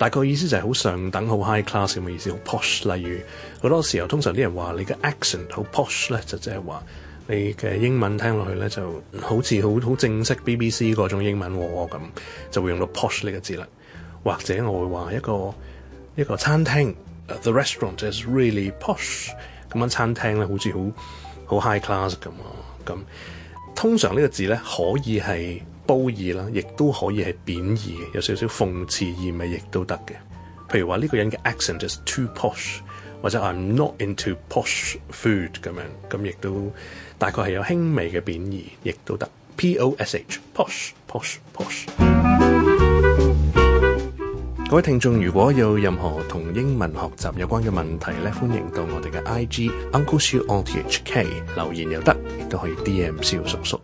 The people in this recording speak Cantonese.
大概意思就係好上等、好 high class 咁嘅意思，好 posh。例如好多時候，通常啲人話你嘅 accent 好 posh 咧，就即係話你嘅英文聽落去咧就好似好好正式 BBC 嗰種英文喎咁，就會用到 posh 呢個字啦。或者我會話一個一個餐廳，the restaurant is really posh，咁樣、嗰個、餐廳咧好似好好 high class 咁啊。咁通常呢個字咧可以係，褒義啦，亦都可以係貶義嘅，有少少諷刺意味，亦都得嘅。譬如話呢個人嘅 accent 係 too posh，或者 I'm not into posh food 咁樣，咁亦都大概係有輕微嘅貶義，亦都得。P O S H posh posh posh。各位聽眾如果有任何同英文學習有關嘅問題咧，歡迎到我哋嘅 I G Uncle Siu on THK 留言又得，亦都可以，亦都可以 D M 小叔叔。